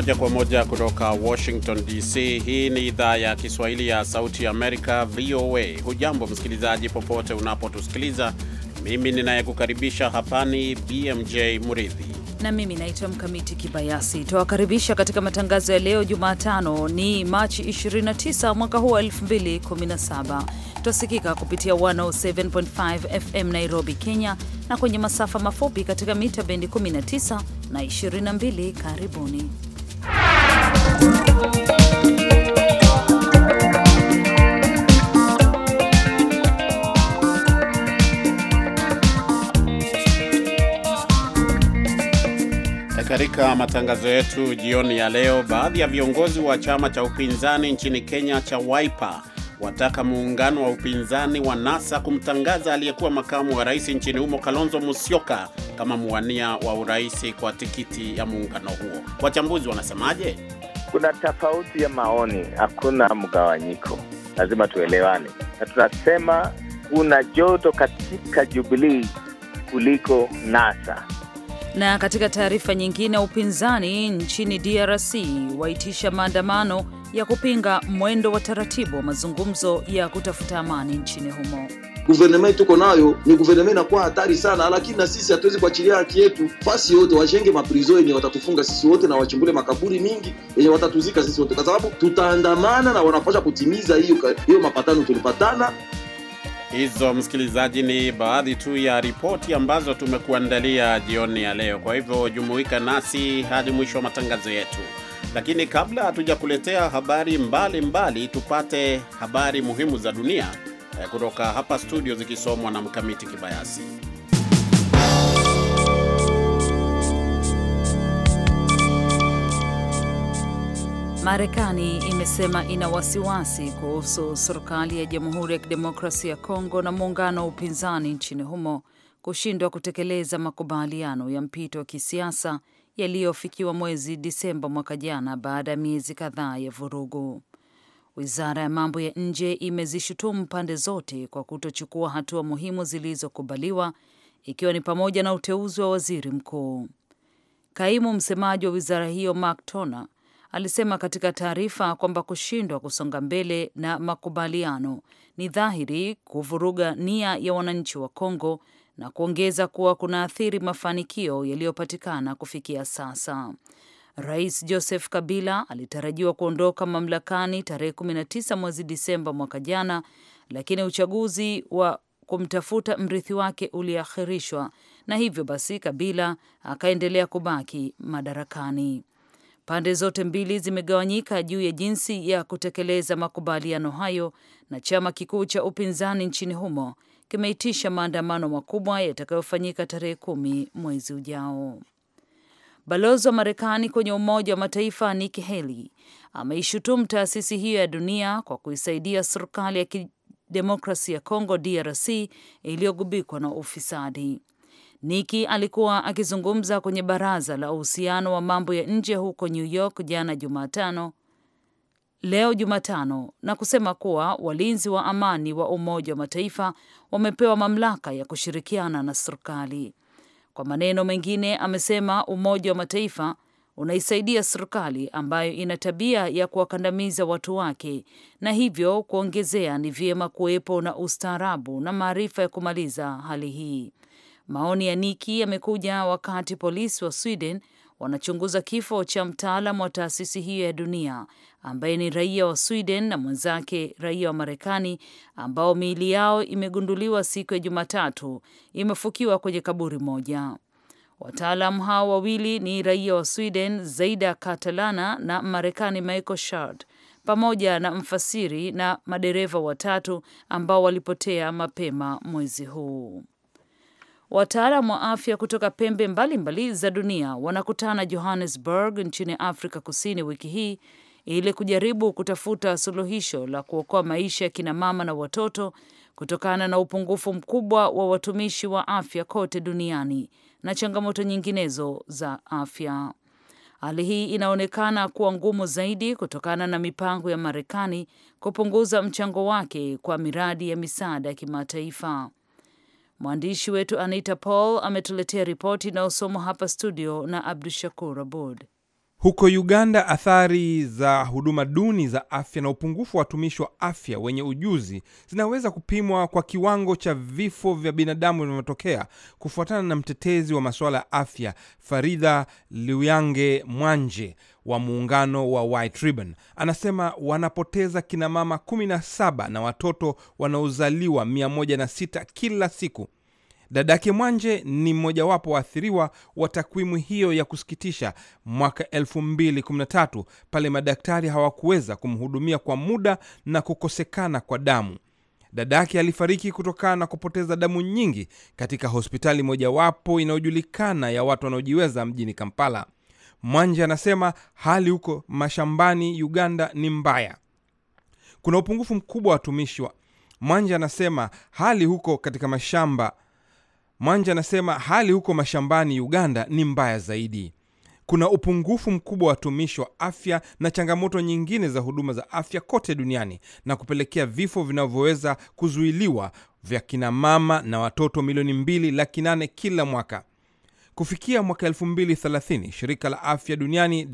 moja kwa moja kutoka Washington DC. Hii ni idhaa ya Kiswahili ya Sauti Amerika, VOA. Hujambo msikilizaji, popote unapotusikiliza. Mimi ninayekukaribisha hapa ni BMJ Muridhi na mimi naitwa Mkamiti Kibayasi. tawakaribisha katika matangazo ya leo Jumatano ni Machi 29 mwaka huu wa 2017. twasikika kupitia 107.5 FM Nairobi, Kenya, na kwenye masafa mafupi katika mita bendi 19 na 22. Karibuni. Katika matangazo yetu jioni ya leo, baadhi ya viongozi wa chama cha upinzani nchini Kenya cha Wiper wataka muungano wa upinzani wa NASA kumtangaza aliyekuwa makamu wa rais nchini humo Kalonzo Musyoka kama mwania wa urais kwa tikiti ya muungano huo. Wachambuzi wanasemaje? kuna tofauti ya maoni, hakuna mgawanyiko, lazima tuelewane, na tunasema kuna joto katika Jubilii kuliko NASA. Na katika taarifa nyingine, upinzani nchini DRC waitisha maandamano ya kupinga mwendo wa taratibu wa mazungumzo ya kutafuta amani nchini humo guvernement tuko nayo ni guvernema inakuwa hatari sana, lakini na sisi hatuwezi kuachilia haki yetu. Fasi yote wajenge maprizo yenye watatufunga sisi wote na wachimbule makaburi mingi yenye watatuzika sisi wote, kwa sababu tutaandamana na wanapasha kutimiza hiyo hiyo mapatano tulipatana. Hizo msikilizaji, ni baadhi tu ya ripoti ambazo tumekuandalia jioni ya leo. Kwa hivyo jumuika nasi hadi mwisho wa matangazo yetu, lakini kabla hatujakuletea habari mbalimbali mbali, tupate habari muhimu za dunia kutoka hapa studio zikisomwa na Mkamiti Kibayasi. Marekani imesema ina wasiwasi kuhusu serikali ya Jamhuri ya Kidemokrasia ya Kongo na muungano wa upinzani nchini humo kushindwa kutekeleza makubaliano ya mpito wa kisiasa yaliyofikiwa mwezi Disemba mwaka jana baada ya miezi kadhaa ya vurugu. Wizara ya mambo ya nje imezishutumu pande zote kwa kutochukua hatua muhimu zilizokubaliwa ikiwa ni pamoja na uteuzi wa waziri mkuu. Kaimu msemaji wa wizara hiyo Mark Toner alisema katika taarifa kwamba kushindwa kusonga mbele na makubaliano ni dhahiri kuvuruga nia ya wananchi wa Kongo na kuongeza kuwa kunaathiri mafanikio yaliyopatikana kufikia sasa. Rais Joseph Kabila alitarajiwa kuondoka mamlakani tarehe 19 mwezi Disemba mwaka jana, lakini uchaguzi wa kumtafuta mrithi wake uliakhirishwa na hivyo basi Kabila akaendelea kubaki madarakani. Pande zote mbili zimegawanyika juu ya jinsi ya kutekeleza makubaliano hayo, na chama kikuu cha upinzani nchini humo kimeitisha maandamano makubwa yatakayofanyika tarehe kumi mwezi ujao. Balozi wa Marekani kwenye Umoja wa Mataifa Nikki Haley ameishutumu taasisi hiyo ya dunia kwa kuisaidia serikali ya kidemokrasi ya Kongo DRC iliyogubikwa na ufisadi. Nikki alikuwa akizungumza kwenye baraza la uhusiano wa mambo ya nje huko New York jana Jumatano leo Jumatano na kusema kuwa walinzi wa amani wa Umoja wa Mataifa wamepewa mamlaka ya kushirikiana na serikali. Kwa maneno mengine, amesema Umoja wa Mataifa unaisaidia serikali ambayo ina tabia ya kuwakandamiza watu wake, na hivyo kuongezea, ni vyema kuwepo na ustaarabu na maarifa ya kumaliza hali hii. Maoni ya Niki yamekuja wakati polisi wa Sweden wanachunguza kifo cha mtaalam wa taasisi hiyo ya dunia ambaye ni raia wa Sweden na mwenzake raia wa Marekani ambao miili yao imegunduliwa siku ya Jumatatu imefukiwa kwenye kaburi moja. wataalam hao wawili ni raia wa Sweden Zaida Catalana na Marekani Michael Shard pamoja na mfasiri na madereva watatu ambao walipotea mapema mwezi huu. Wataalam wa afya kutoka pembe mbalimbali mbali za dunia wanakutana Johannesburg nchini Afrika Kusini wiki hii ili kujaribu kutafuta suluhisho la kuokoa maisha ya kinamama na watoto kutokana na upungufu mkubwa wa watumishi wa afya kote duniani na changamoto nyinginezo za afya. Hali hii inaonekana kuwa ngumu zaidi kutokana na mipango ya Marekani kupunguza mchango wake kwa miradi ya misaada ya kimataifa. Mwandishi wetu Anita Paul ametuletea ripoti inayosomwa hapa studio na Abdu Shakur Abud. Huko Uganda, athari za huduma duni za afya na upungufu wa watumishi wa afya wenye ujuzi zinaweza kupimwa kwa kiwango cha vifo vya binadamu vinavyotokea, kufuatana na mtetezi wa masuala ya afya Farida Luyange Mwanje wa muungano wa White Ribbon. Anasema wanapoteza kinamama 17 na watoto wanaozaliwa 106 kila siku. Dadake Mwanje ni mmojawapo waathiriwa wa takwimu hiyo ya kusikitisha mwaka 2013 pale madaktari hawakuweza kumhudumia kwa muda na kukosekana kwa damu. Dadake alifariki kutokana na kupoteza damu nyingi katika hospitali mojawapo inayojulikana ya watu wanaojiweza mjini Kampala. Mwanje anasema hali huko mashambani Uganda ni mbaya, kuna upungufu mkubwa wa watumishi wa Mwanje anasema hali huko katika mashamba Mwanja anasema hali huko mashambani Uganda ni mbaya zaidi. Kuna upungufu mkubwa wa watumishi wa afya na changamoto nyingine za huduma za afya kote duniani na kupelekea vifo vinavyoweza kuzuiliwa vya kinamama na watoto milioni mbili laki nane kila mwaka. Kufikia mwaka 2030 shirika la afya duniani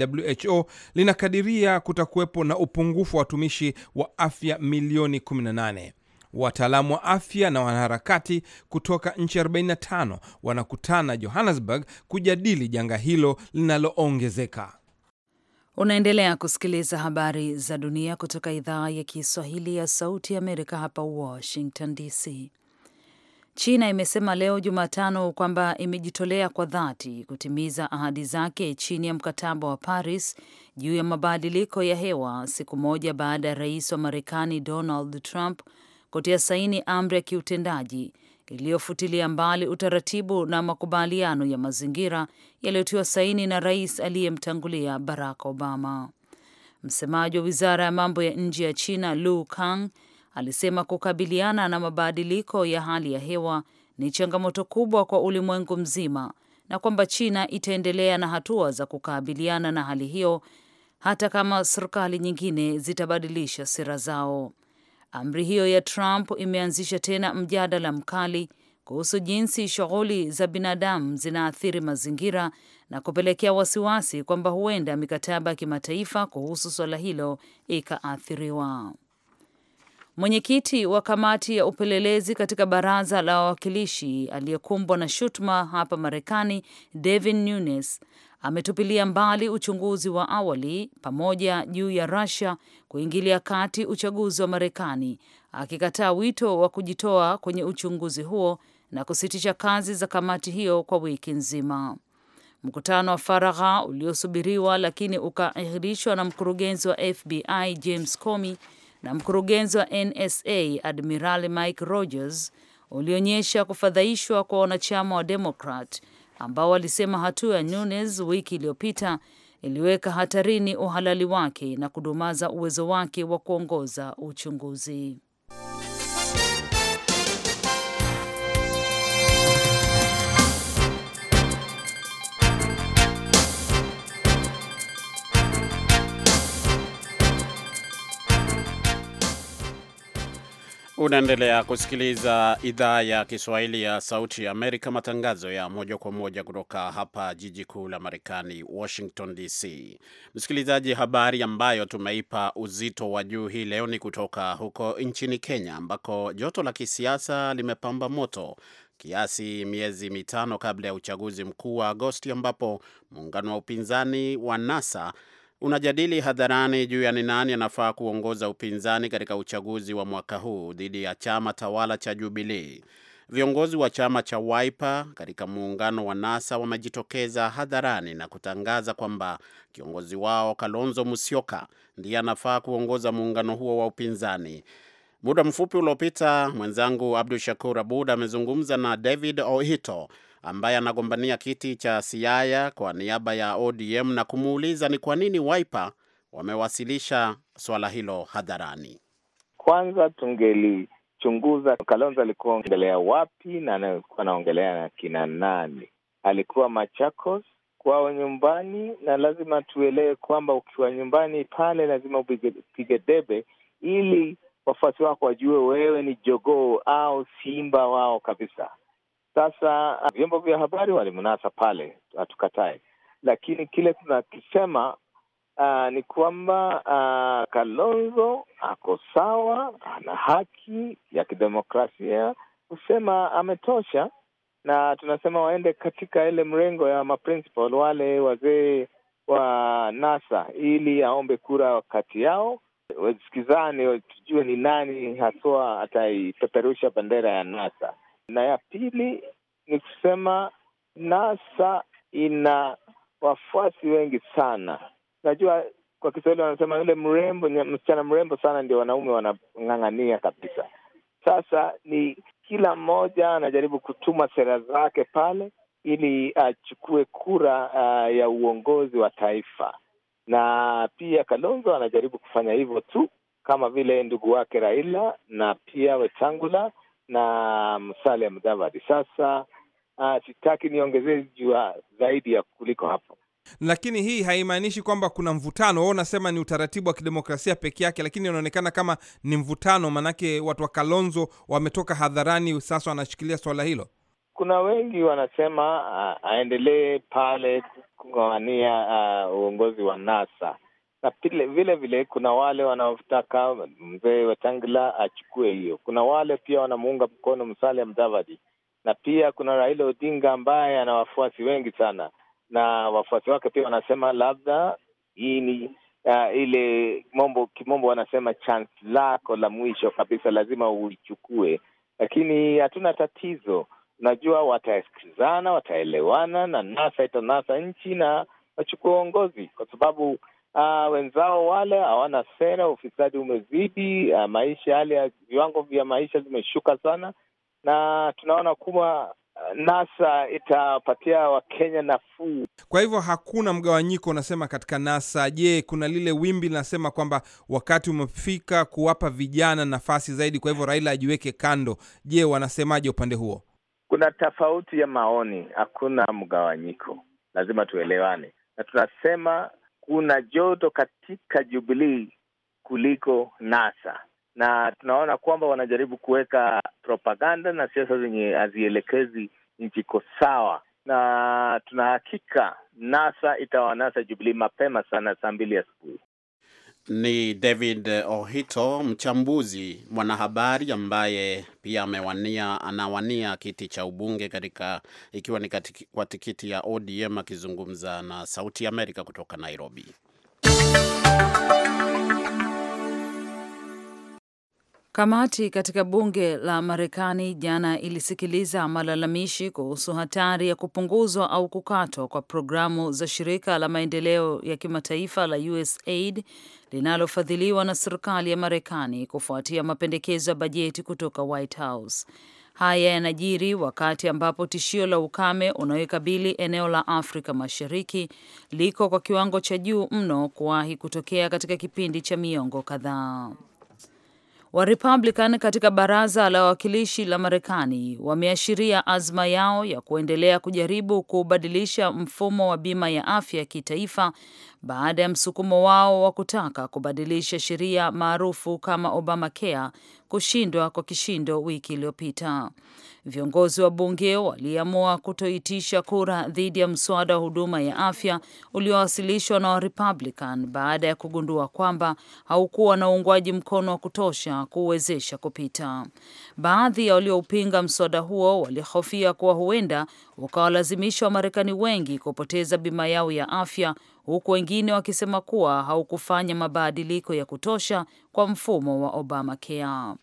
WHO linakadiria kutakuwepo na upungufu wa watumishi wa afya milioni 18. Wataalamu wa afya na wanaharakati kutoka nchi 45 wanakutana Johannesburg kujadili janga hilo linaloongezeka. Unaendelea kusikiliza habari za dunia kutoka idhaa ya Kiswahili ya Sauti ya Amerika, hapa Washington DC. China imesema leo Jumatano kwamba imejitolea kwa dhati kutimiza ahadi zake chini ya mkataba wa Paris juu ya mabadiliko ya hewa, siku moja baada ya rais wa Marekani Donald Trump kutia saini amri ya kiutendaji iliyofutilia mbali utaratibu na makubaliano ya mazingira yaliyotiwa saini na rais aliyemtangulia Barack Obama. Msemaji wa wizara ya mambo ya nje ya China Lu Kang alisema kukabiliana na mabadiliko ya hali ya hewa ni changamoto kubwa kwa ulimwengu mzima na kwamba China itaendelea na hatua za kukabiliana na hali hiyo hata kama serikali nyingine zitabadilisha sera zao. Amri hiyo ya Trump imeanzisha tena mjadala mkali kuhusu jinsi shughuli za binadamu zinaathiri mazingira na kupelekea wasiwasi kwamba huenda mikataba ya kimataifa kuhusu suala hilo ikaathiriwa. Mwenyekiti wa kamati ya upelelezi katika baraza la wawakilishi aliyekumbwa na shutuma hapa Marekani, Devin Nunes ametupilia mbali uchunguzi wa awali pamoja juu ya Russia kuingilia kati uchaguzi wa Marekani, akikataa wito wa kujitoa kwenye uchunguzi huo na kusitisha kazi za kamati hiyo kwa wiki nzima. Mkutano wa faragha uliosubiriwa lakini ukaahirishwa na mkurugenzi wa FBI James Comey na mkurugenzi wa NSA Admiral Mike Rogers ulionyesha kufadhaishwa kwa wanachama wa Demokrat ambao walisema hatua ya Nunes wiki iliyopita iliweka hatarini uhalali wake na kudumaza uwezo wake wa kuongoza uchunguzi. Unaendelea kusikiliza idhaa ya Kiswahili ya Sauti ya Amerika, matangazo ya moja kwa moja kutoka hapa jiji kuu la Marekani, Washington DC. Msikilizaji, habari ambayo tumeipa uzito wa juu hii leo ni kutoka huko nchini Kenya, ambako joto la kisiasa limepamba moto kiasi miezi mitano kabla ya uchaguzi mkuu wa Agosti, ambapo muungano wa upinzani wa NASA unajadili hadharani juu ya ni nani anafaa kuongoza upinzani katika uchaguzi wa mwaka huu dhidi ya chama tawala cha Jubilee. Viongozi wa chama cha Wiper katika muungano wa NASA wamejitokeza hadharani na kutangaza kwamba kiongozi wao Kalonzo Musyoka ndiye anafaa kuongoza muungano huo wa upinzani. Muda mfupi uliopita, mwenzangu Abdu Shakur Abud amezungumza na David Ohito ambaye anagombania kiti cha Siaya kwa niaba ya ODM na kumuuliza ni kwa nini Wiper wamewasilisha swala hilo hadharani. Kwanza tungelichunguza Kalonzo alikuwa ongelea wapi na anakuwa anaongelea na kina nani. Alikuwa Machakos kwao nyumbani, na lazima tuelewe kwamba ukiwa nyumbani pale lazima upige debe ili wafuasi wako wajue wewe ni jogoo au simba wao kabisa. Sasa uh, vyombo vya habari walimnasa pale, hatukatae, lakini kile tunakisema uh, ni kwamba uh, Kalonzo ako sawa, ana haki ya kidemokrasia kusema ametosha, na tunasema waende katika ile mrengo ya maprincipal wale wazee wa NASA ili aombe kura kati yao wasikizane, tujue ni nani haswa ataipeperusha bendera ya NASA na ya pili ni kusema NASA ina wafuasi wengi sana. Najua kwa Kiswahili wanasema yule mrembo, msichana mrembo sana, ndio wanaume wanang'ang'ania kabisa. Sasa ni kila mmoja anajaribu kutuma sera zake pale ili achukue kura uh, ya uongozi wa taifa, na pia Kalonzo anajaribu kufanya hivyo tu kama vile ndugu wake Raila na pia Wetangula na Musalia Mudavadi. Sasa uh, sitaki niongezee jua zaidi ya kuliko hapo, lakini hii haimaanishi kwamba kuna mvutano. Wao unasema ni utaratibu wa kidemokrasia peke yake, lakini inaonekana kama ni mvutano, maanake watu wa Kalonzo wametoka hadharani, sasa wanashikilia swala hilo. Kuna wengi wanasema uh, aendelee pale kugowania uh, ah, uongozi wa NASA na vile vile vile kuna wale wanaotaka mzee Wetangula achukue hiyo. Kuna wale pia wanamuunga mkono Musalia Mudavadi, na pia kuna Raila Odinga ambaye ana wafuasi wengi sana, na wafuasi wake pia wanasema labda hii ni uh, ile mombo kimombo wanasema chance lako la mwisho kabisa, lazima uichukue. Lakini hatuna tatizo, unajua watasikizana, wataelewana, na NASA itanasa nchi na wachukua uongozi kwa sababu uh, wenzao wale hawana sera, ufisadi umezidi, uh, maisha hali ya viwango vya maisha vimeshuka sana, na tunaona kuwa ah, NASA itapatia Wakenya nafuu. Kwa hivyo hakuna mgawanyiko unasema katika NASA. Je, kuna lile wimbi linasema kwamba wakati umefika kuwapa vijana nafasi zaidi, kwa hivyo Raila ajiweke kando? Je, wanasemaje upande huo? Kuna tofauti ya maoni, hakuna mgawanyiko, lazima tuelewane, na tunasema kuna joto katika jubilii kuliko NASA, na tunaona kwamba wanajaribu kuweka propaganda na siasa zenye hazielekezi nchi iko sawa, na tunahakika NASA itawanasa jubilii mapema sana saa mbili asubuhi. Ni David eh, Ohito, mchambuzi, mwanahabari ambaye pia amewania anawania kiti cha ubunge katika ikiwa ni kwa tikiti ya ODM akizungumza na Sauti ya Amerika kutoka Nairobi. Kamati katika bunge la Marekani jana ilisikiliza malalamishi kuhusu hatari ya kupunguzwa au kukatwa kwa programu za shirika la maendeleo ya kimataifa la USAID linalofadhiliwa na serikali ya Marekani kufuatia mapendekezo ya bajeti kutoka White House. Haya yanajiri wakati ambapo tishio la ukame unaoikabili eneo la Afrika Mashariki liko kwa kiwango cha juu mno kuwahi kutokea katika kipindi cha miongo kadhaa wa Republican katika baraza la wawakilishi la Marekani wameashiria azma yao ya kuendelea kujaribu kuubadilisha mfumo wa bima ya afya ya kitaifa baada ya msukumo wao wa kutaka kubadilisha sheria maarufu kama Obamacare kushindwa kwa kishindo wiki iliyopita. Viongozi wa bunge waliamua kutoitisha kura dhidi ya mswada wa huduma ya afya uliowasilishwa na Warepublican baada ya kugundua kwamba haukuwa na uungwaji mkono wa kutosha kuuwezesha kupita. Baadhi ya walioupinga mswada huo walihofia kuwa huenda ukawalazimisha Wamarekani wengi kupoteza bima yao ya afya huku wengine wakisema kuwa haukufanya mabadiliko ya kutosha kwa mfumo wa Obamacare.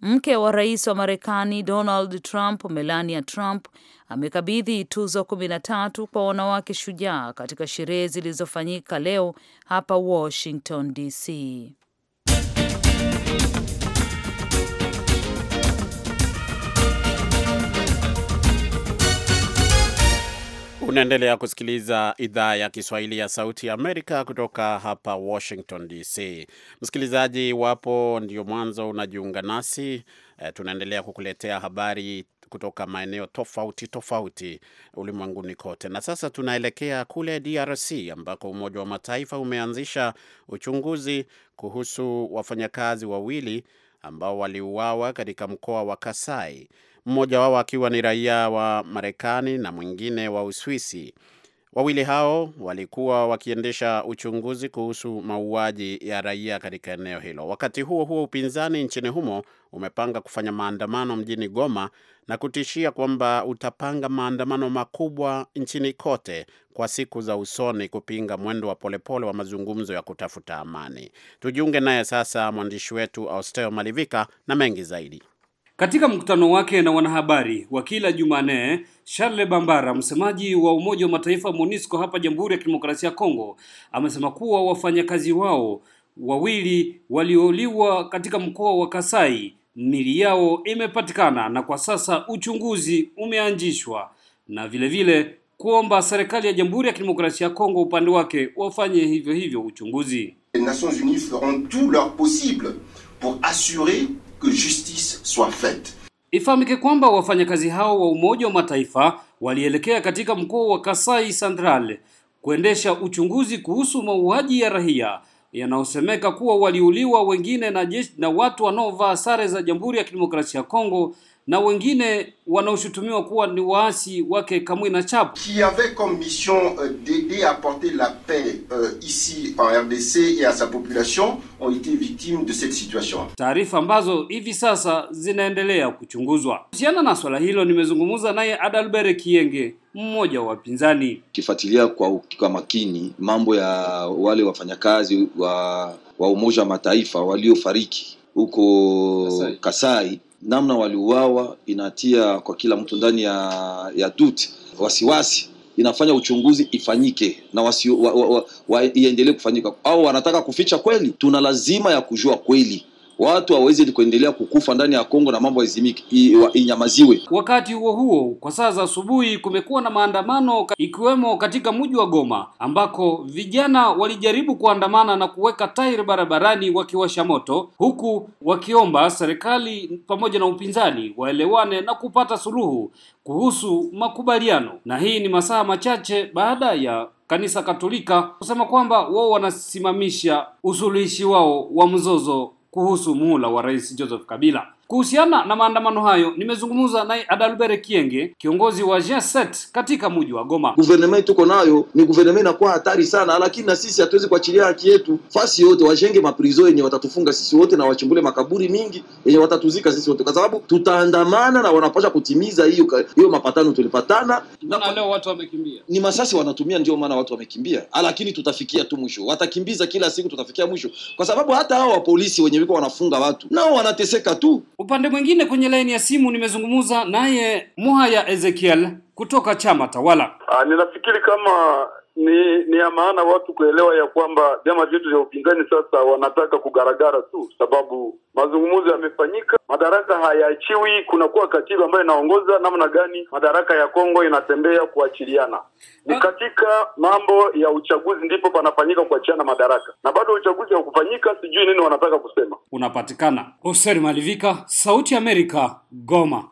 Mke wa rais wa Marekani Donald Trump, Melania Trump, amekabidhi tuzo 13 kwa wanawake shujaa katika sherehe zilizofanyika leo hapa Washington DC. Unaendelea kusikiliza idhaa ya Kiswahili ya Sauti ya Amerika kutoka hapa Washington DC. Msikilizaji, iwapo ndio mwanzo unajiunga nasi e, tunaendelea kukuletea habari kutoka maeneo tofauti tofauti ulimwenguni kote. Na sasa tunaelekea kule DRC ambako Umoja wa Mataifa umeanzisha uchunguzi kuhusu wafanyakazi wawili ambao waliuawa katika mkoa wa Kasai mmoja wao akiwa ni raia wa Marekani na mwingine wa Uswisi. Wawili hao walikuwa wakiendesha uchunguzi kuhusu mauaji ya raia katika eneo hilo. Wakati huo huo, upinzani nchini humo umepanga kufanya maandamano mjini Goma na kutishia kwamba utapanga maandamano makubwa nchini kote kwa siku za usoni kupinga mwendo wa polepole wa mazungumzo ya kutafuta amani. Tujiunge naye sasa mwandishi wetu Austeo Malivika na mengi zaidi. Katika mkutano wake na wanahabari wa kila Jumanne, Charles Bambara, msemaji wa Umoja wa Mataifa MONUSCO hapa Jamhuri ya Kidemokrasia ya Kongo, amesema kuwa wafanyakazi wao wawili waliouliwa katika mkoa wa Kasai mili yao imepatikana na kwa sasa uchunguzi umeanzishwa na vilevile vile, kuomba serikali ya Jamhuri ya Kidemokrasia ya Kongo upande wake wafanye hivyo hivyo uchunguzi. Nations Unies feront tout leur possible pour assurer que justice soit faite. Ifahamike kwamba wafanyakazi hao wa Umoja wa Mataifa walielekea katika mkoa wa Kasai Central kuendesha uchunguzi kuhusu mauaji ya raia yanayosemeka kuwa waliuliwa wengine na jeshi na watu wanaovaa sare za Jamhuri ya Kidemokrasia ya Kongo na wengine wanaoshutumiwa kuwa ni waasi wake Kamwe na Tshabo qui avait comme mission euh, d'aider à porter la paix euh, ici en RDC et à sa population ont été victimes de cette situation. Taarifa ambazo hivi sasa zinaendelea kuchunguzwa kuhusiana na swala hilo. Nimezungumza naye adalbere Kienge, mmoja wa wapinzani. Ukifuatilia kwa, kwa makini mambo ya wale wafanyakazi wa, wa Umoja wa Mataifa waliofariki huko Kasai, Kasai namna waliuawa inatia kwa kila mtu ndani ya, ya duti wasiwasi inafanya uchunguzi ifanyike na wasi, wa, wa, wa, wa, iendelee kufanyika, au wanataka kuficha kweli? Tuna lazima ya kujua kweli watu waweze kuendelea kukufa ndani ya Kongo na mambo yazimike inyamaziwe. Wakati huo huo, kwa saa za asubuhi kumekuwa na maandamano ikiwemo katika mji wa Goma ambako vijana walijaribu kuandamana na kuweka tairi barabarani wakiwasha moto, huku wakiomba serikali pamoja na upinzani waelewane na kupata suluhu kuhusu makubaliano. Na hii ni masaa machache baada ya kanisa Katolika kusema kwamba wao wanasimamisha usuluhishi wao wa mzozo kuhusu muhula wa Rais Joseph Kabila Kuhusiana na maandamano hayo, nimezungumza naye Adalbere Kienge, kiongozi wa G7 katika mji wa Goma. Guverneme tuko nayo ni guverneme inakuwa hatari sana, lakini na sisi hatuwezi kuachilia haki yetu. Fasi yote wajenge maprizo yenye watatufunga sisi wote na wachimbule makaburi mingi yenye watatuzika sisi wote, kwa sababu tutaandamana na wanapasha kutimiza hiyo hiyo mapatano tulipatana. Na leo watu wamekimbia, ni masasi wanatumia, ndio maana watu wamekimbia, ah, lakini tutafikia tu mwisho, watakimbiza kila siku, tutafikia mwisho, kwa sababu hata hao wa polisi wenye wiko wanafunga watu nao wanateseka tu. Upande mwingine kwenye laini ya simu nimezungumza naye Muhaya Ezekiel kutoka chama tawala. Ah, ninafikiri kama ni ni ya maana watu kuelewa ya kwamba vyama vyetu vya upinzani sasa wanataka kugaragara tu, sababu mazungumzo yamefanyika, madaraka hayaachiwi, kunakuwa katiba ambayo inaongoza namna gani madaraka ya Kongo inatembea kuachiliana. Ni ah. katika mambo ya uchaguzi ndipo panafanyika kuachiana madaraka, na bado uchaguzi haukufanyika, sijui nini wanataka kusema. Unapatikana Hussein Malivika, Sauti ya Amerika, Goma.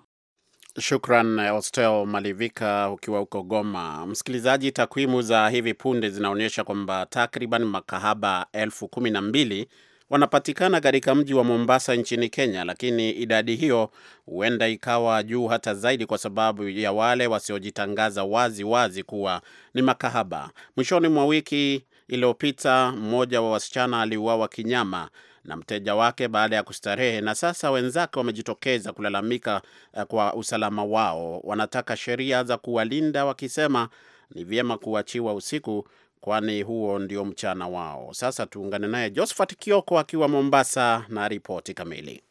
Shukran eh, Ostel Malivika ukiwa huko Goma. Msikilizaji, takwimu za hivi punde zinaonyesha kwamba takriban makahaba elfu kumi na mbili wanapatikana katika mji wa Mombasa nchini Kenya, lakini idadi hiyo huenda ikawa juu hata zaidi kwa sababu ya wale wasiojitangaza wazi wazi kuwa ni makahaba. Mwishoni mwa wiki iliyopita, mmoja wa wasichana aliuawa kinyama na mteja wake baada ya kustarehe, na sasa wenzake wamejitokeza kulalamika eh, kwa usalama wao. Wanataka sheria za kuwalinda wakisema ni vyema kuachiwa usiku, kwani huo ndio mchana wao. Sasa tuungane naye Josephat Kioko akiwa Mombasa na ripoti kamili.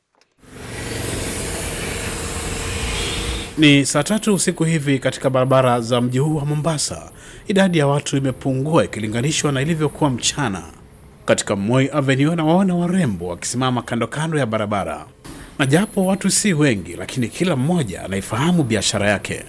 Ni saa tatu usiku hivi katika barabara za mji huu wa Mombasa, idadi ya watu imepungua ikilinganishwa na ilivyokuwa mchana katika Moi Avenue na waona warembo wakisimama kando kando ya barabara, na japo watu si wengi, lakini kila mmoja anaifahamu biashara yake.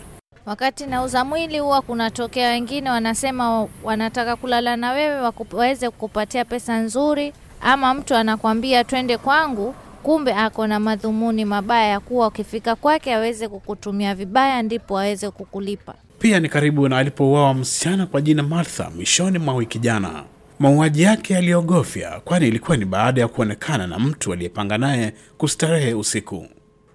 Wakati nauza mwili huwa kunatokea wengine wanasema wanataka kulala na wewe waweze kukupatia pesa nzuri, ama mtu anakwambia twende kwangu, kumbe ako na madhumuni mabaya ya kuwa ukifika kwake aweze kukutumia vibaya, ndipo aweze kukulipa. Pia ni karibu na alipouawa msichana kwa jina Martha mwishoni mwa wiki jana. Mauaji yake yaliyogofya, kwani ilikuwa ni baada ya kuonekana na mtu aliyepanga naye kustarehe usiku.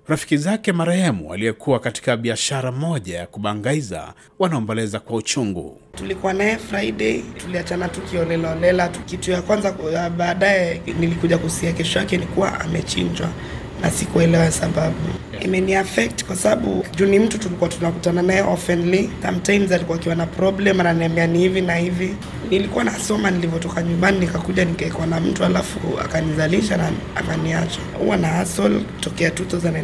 Rafiki zake marehemu aliyekuwa katika biashara moja ya kubangaiza wanaomboleza kwa uchungu. Tulikuwa naye Friday, tuliachana tukiolelaolela. Kitu ya kwanza, baadaye nilikuja kusikia kesho yake ni kuwa amechinjwa na sikuelewa sababu imeni affect kwa sababu juu ni mtu tulikuwa tunakutana naye oftenly. Sometimes alikuwa akiwa na problem ananiambia ni hivi na hivi. Nilikuwa nasoma, nilivyotoka nyumbani nikakuja nikaekwa na mtu alafu akanizalisha na akaniacha. Huwa na hustle tokea 2012.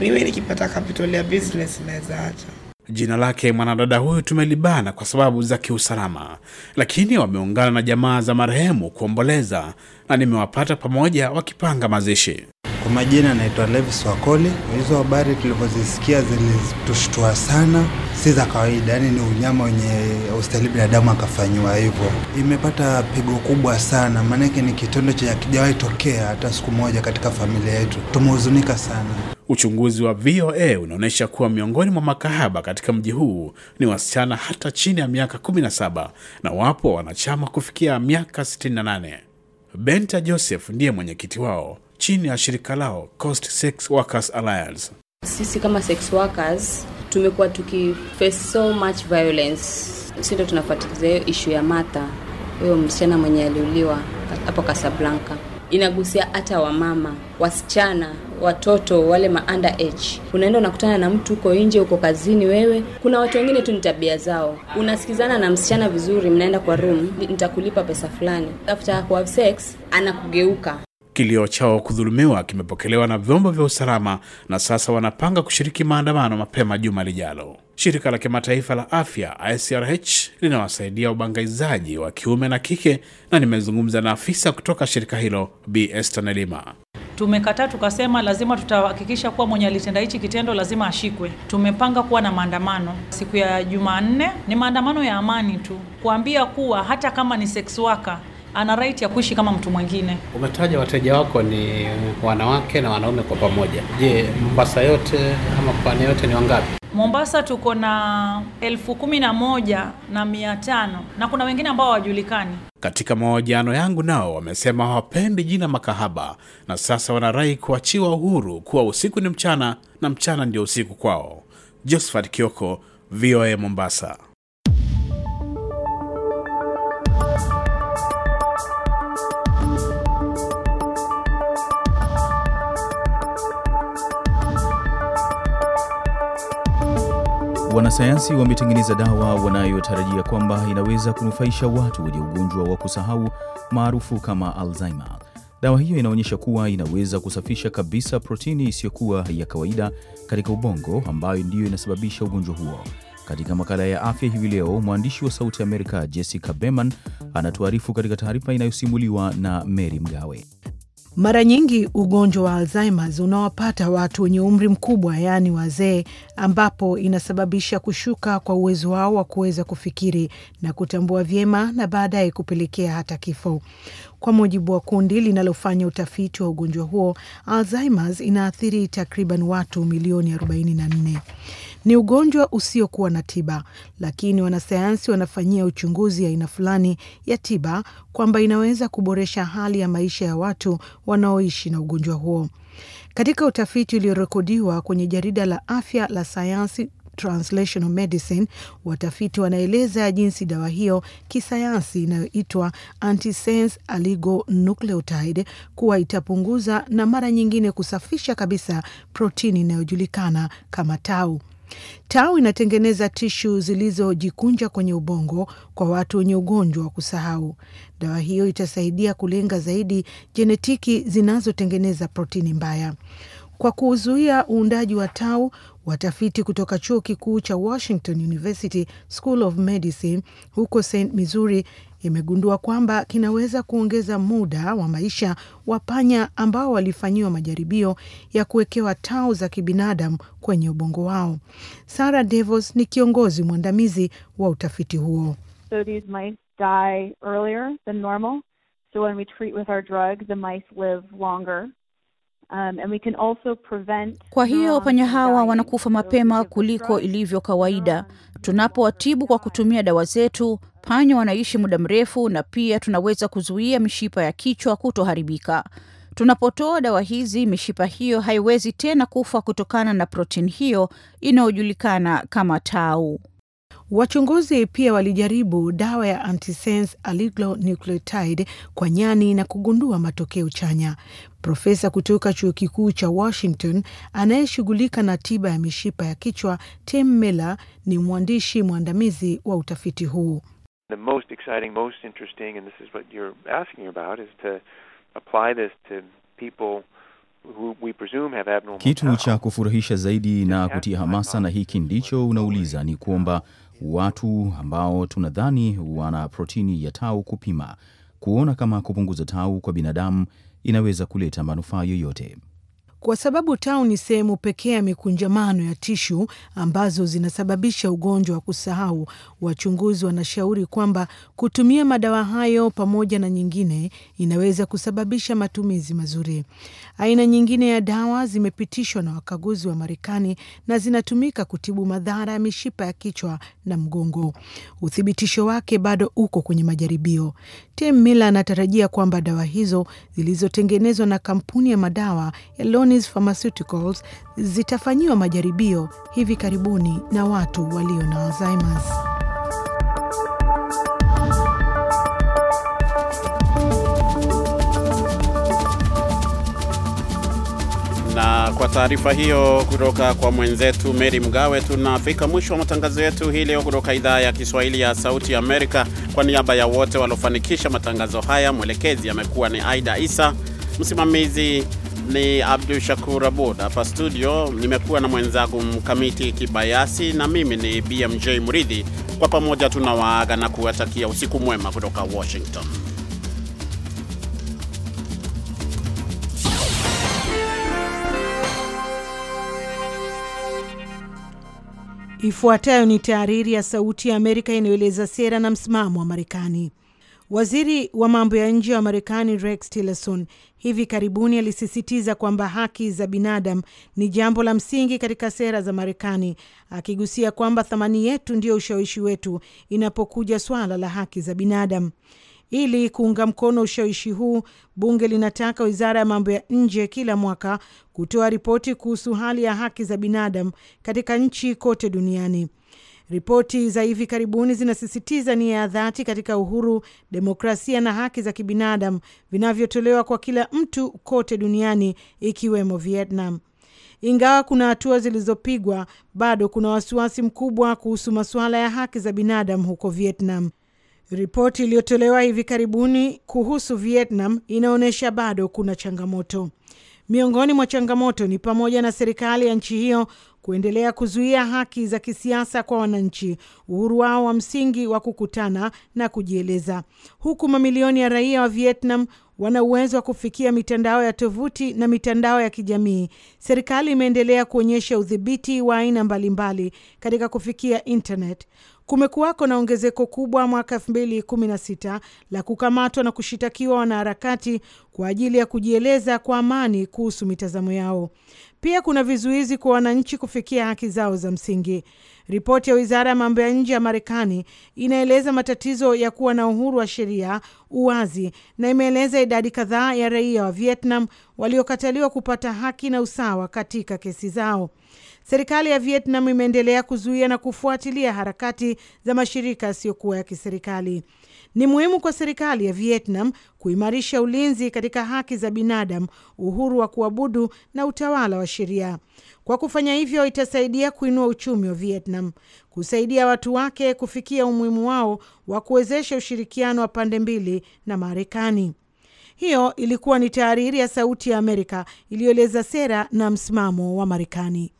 Mimi nikipata capital ya business inaweza acha. Jina lake mwanadada huyu tumelibana kwa sababu za kiusalama, lakini wameungana na jamaa za marehemu kuomboleza na nimewapata pamoja wakipanga mazishi. Kwa majina anaitwa Levis Wakoli. Hizo habari tulivyozisikia zilitushtua sana, si za kawaida, yani ni unyama wenye ustahili binadamu akafanyiwa hivyo. Imepata pigo kubwa sana, maanake ni kitendo chenye hakijawahi tokea hata siku moja katika familia yetu. Tumehuzunika sana. Uchunguzi wa VOA unaonyesha kuwa miongoni mwa makahaba katika mji huu ni wasichana hata chini ya miaka 17 na wapo wanachama kufikia miaka 68. Benta Joseph ndiye mwenyekiti wao chini ya shirika lao Coast Sex Workers Alliance. Sisi kama sex workers tumekuwa face so much violence, si ndo tunafuatilia hiyo ishu ya Martha, huyo msichana mwenye aliuliwa hapo Casablanca inagusia hata wamama, wasichana, watoto wale ma underage. Unaenda unakutana na mtu uko nje, uko kazini wewe. Kuna watu wengine tu ni tabia zao. Unasikizana na msichana vizuri, mnaenda kwa room, nitakulipa pesa fulani. After have sex, anakugeuka Kilio chao kudhulumiwa kimepokelewa na vyombo vya usalama na sasa wanapanga kushiriki maandamano mapema juma lijalo. Shirika la kimataifa la afya ICRH linawasaidia ubangaizaji wa kiume na kike, na nimezungumza na afisa kutoka shirika hilo Bi Tumekataa tukasema, lazima tutahakikisha kuwa mwenye alitenda hichi kitendo lazima ashikwe. Tumepanga kuwa na maandamano siku ya Jumanne, ni maandamano ya amani tu, kuambia kuwa hata kama ni sex worker ana right ya kuishi kama mtu mwingine. Umetaja wateja wako ni wanawake na wanaume kwa pamoja. Je, Mombasa yote ama pwani yote ni wangapi? Mombasa tuko na elfu kumi na moja na mia tano na kuna wengine ambao hawajulikani. Katika mahojiano yangu nao wamesema hawapendi jina makahaba, na sasa wanarai kuachiwa uhuru kuwa usiku ni mchana na mchana ndio usiku kwao. Josephat Kioko, VOA Mombasa. Wanasayansi wametengeneza dawa wanayotarajia kwamba inaweza kunufaisha watu wenye ugonjwa wa kusahau maarufu kama Alzheimer. Dawa hiyo inaonyesha kuwa inaweza kusafisha kabisa protini isiyokuwa ya kawaida katika ubongo ambayo ndiyo inasababisha ugonjwa huo. Katika makala ya afya hivi leo, mwandishi wa Sauti ya Amerika Jessica Berman anatuarifu katika taarifa inayosimuliwa na Mary Mgawe. Mara nyingi ugonjwa wa Alzheimers unawapata watu wenye umri mkubwa, yaani wazee, ambapo inasababisha kushuka kwa uwezo wao wa kuweza kufikiri na kutambua vyema na baadaye kupelekea hata kifo. Kwa mujibu wa kundi linalofanya utafiti wa ugonjwa huo, Alzheimers inaathiri takriban watu milioni 44. Ni ugonjwa usiokuwa na tiba, lakini wanasayansi wanafanyia uchunguzi aina fulani ya tiba kwamba inaweza kuboresha hali ya maisha ya watu wanaoishi na ugonjwa huo. Katika utafiti uliorekodiwa kwenye jarida la afya la sayansi Translational Medicine, watafiti wanaeleza jinsi dawa hiyo kisayansi inayoitwa antisense oligonucleotide kuwa itapunguza na mara nyingine kusafisha kabisa protini inayojulikana kama tau. Tau inatengeneza tishu zilizojikunja kwenye ubongo kwa watu wenye ugonjwa wa kusahau. Dawa hiyo itasaidia kulenga zaidi jenetiki zinazotengeneza protini mbaya. Kwa kuzuia uundaji wa tau, watafiti kutoka chuo kikuu cha Washington University School of Medicine huko St Missouri imegundua kwamba kinaweza kuongeza muda wa maisha wa panya ambao walifanyiwa majaribio ya kuwekewa tau za kibinadamu kwenye ubongo wao. sara Devos ni kiongozi mwandamizi wa utafiti huo. So these mice die earlier than normal. So when we treat with our drug, the mice live longer. Um, and we can also prevent... Kwa hiyo panya hawa wanakufa mapema kuliko ilivyo kawaida, Tunapowatibu kwa kutumia dawa zetu, panya wanaishi muda mrefu, na pia tunaweza kuzuia mishipa ya kichwa kutoharibika. Tunapotoa dawa hizi, mishipa hiyo haiwezi tena kufa kutokana na protini hiyo inayojulikana kama tau. Wachunguzi pia walijaribu dawa ya antisense oligonucleotide kwa nyani na kugundua matokeo chanya. Profesa kutoka chuo kikuu cha Washington anayeshughulika na tiba ya mishipa ya kichwa, Tim Miller, ni mwandishi mwandamizi wa utafiti huu. The most exciting, most interesting, and this is what you're asking about, is to apply this to people who we presume have abnormal. Kitu cha kufurahisha zaidi na kutia hamasa, na hiki ndicho unauliza, ni kwamba watu ambao tunadhani wana protini ya tau kupima kuona kama kupunguza tau kwa binadamu inaweza kuleta manufaa yoyote kwa sababu tau ni sehemu pekee ya mikunjamano ya tishu ambazo zinasababisha ugonjwa wa kusahau. Wachunguzi wanashauri kwamba kutumia madawa hayo pamoja na nyingine inaweza kusababisha matumizi mazuri. Aina nyingine ya dawa zimepitishwa na wakaguzi wa Marekani na zinatumika kutibu madhara ya mishipa ya kichwa na mgongo. Uthibitisho wake bado uko kwenye majaribio. Tim Miller anatarajia kwamba dawa hizo zilizotengenezwa na kampuni ya madawa ya Japanese Pharmaceuticals zitafanyiwa majaribio hivi karibuni na watu walio na Alzheimer's. Na kwa taarifa hiyo kutoka kwa mwenzetu Mary Mgawe, tunafika mwisho wa matangazo yetu hii leo kutoka idhaa ya Kiswahili ya Sauti ya Amerika. Kwa niaba ya wote waliofanikisha matangazo haya, mwelekezi amekuwa ni Aida Isa, msimamizi ni Abdu Shakur Abud hapa studio. Nimekuwa na mwenzangu Mkamiti Kibayasi na mimi ni BMJ Muridhi. Kwa pamoja tunawaaga na kuwatakia usiku mwema kutoka Washington. Ifuatayo ni tahariri ya Sauti ya Amerika inayoeleza sera na msimamo wa Marekani. Waziri wa mambo ya nje wa Marekani Rex Tillerson hivi karibuni alisisitiza kwamba haki za binadamu ni jambo la msingi katika sera za Marekani, akigusia kwamba thamani yetu ndiyo ushawishi wetu inapokuja swala la haki za binadamu. Ili kuunga mkono ushawishi huu, bunge linataka wizara ya mambo ya nje kila mwaka kutoa ripoti kuhusu hali ya haki za binadamu katika nchi kote duniani. Ripoti za hivi karibuni zinasisitiza nia ya dhati katika uhuru, demokrasia na haki za kibinadamu vinavyotolewa kwa kila mtu kote duniani ikiwemo Vietnam. Ingawa kuna hatua zilizopigwa, bado kuna wasiwasi mkubwa kuhusu masuala ya haki za binadamu huko Vietnam. Ripoti iliyotolewa hivi karibuni kuhusu Vietnam inaonyesha bado kuna changamoto. Miongoni mwa changamoto ni pamoja na serikali ya nchi hiyo kuendelea kuzuia haki za kisiasa kwa wananchi, uhuru wao wa msingi wa kukutana na kujieleza, huku mamilioni ya raia wa Vietnam wana uwezo wa kufikia mitandao ya tovuti na mitandao ya kijamii. Serikali imeendelea kuonyesha udhibiti wa aina mbalimbali katika kufikia internet. Kumekuwako na ongezeko kubwa mwaka elfu la kukamatwa na kushitakiwa wanaharakati kwa ajili ya kujieleza kwa amani kuhusu mitazamo yao. Pia kuna vizuizi kwa wananchi kufikia haki zao za msingi. Ripoti ya wizara ya mambo ya nje ya Marekani inaeleza matatizo ya kuwa na uhuru wa sheria, uwazi, na imeeleza idadi kadhaa ya raia wa Vietnam waliokataliwa kupata haki na usawa katika kesi zao. Serikali ya Vietnam imeendelea kuzuia na kufuatilia harakati za mashirika yasiyokuwa ya kiserikali. Ni muhimu kwa serikali ya Vietnam kuimarisha ulinzi katika haki za binadamu, uhuru wa kuabudu na utawala wa sheria. Kwa kufanya hivyo, itasaidia kuinua uchumi wa Vietnam, kusaidia watu wake kufikia umuhimu wao wa kuwezesha ushirikiano wa pande mbili na Marekani. Hiyo ilikuwa ni tahariri ya Sauti ya Amerika iliyoeleza sera na msimamo wa Marekani.